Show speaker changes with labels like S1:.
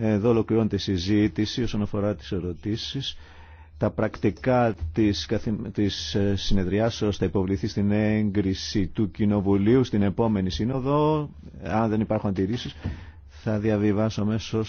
S1: Εδώ ολοκληρώνεται η συζήτηση όσον αφορά τις ερωτήσεις. Τα πρακτικά της, της ε, συνεδριάσεως θα υποβληθεί στην έγκριση του Κοινοβουλίου στην επόμενη σύνοδο. Αν δεν υπάρχουν αντιρρήσεις θα
S2: διαβιβάσω μέσω...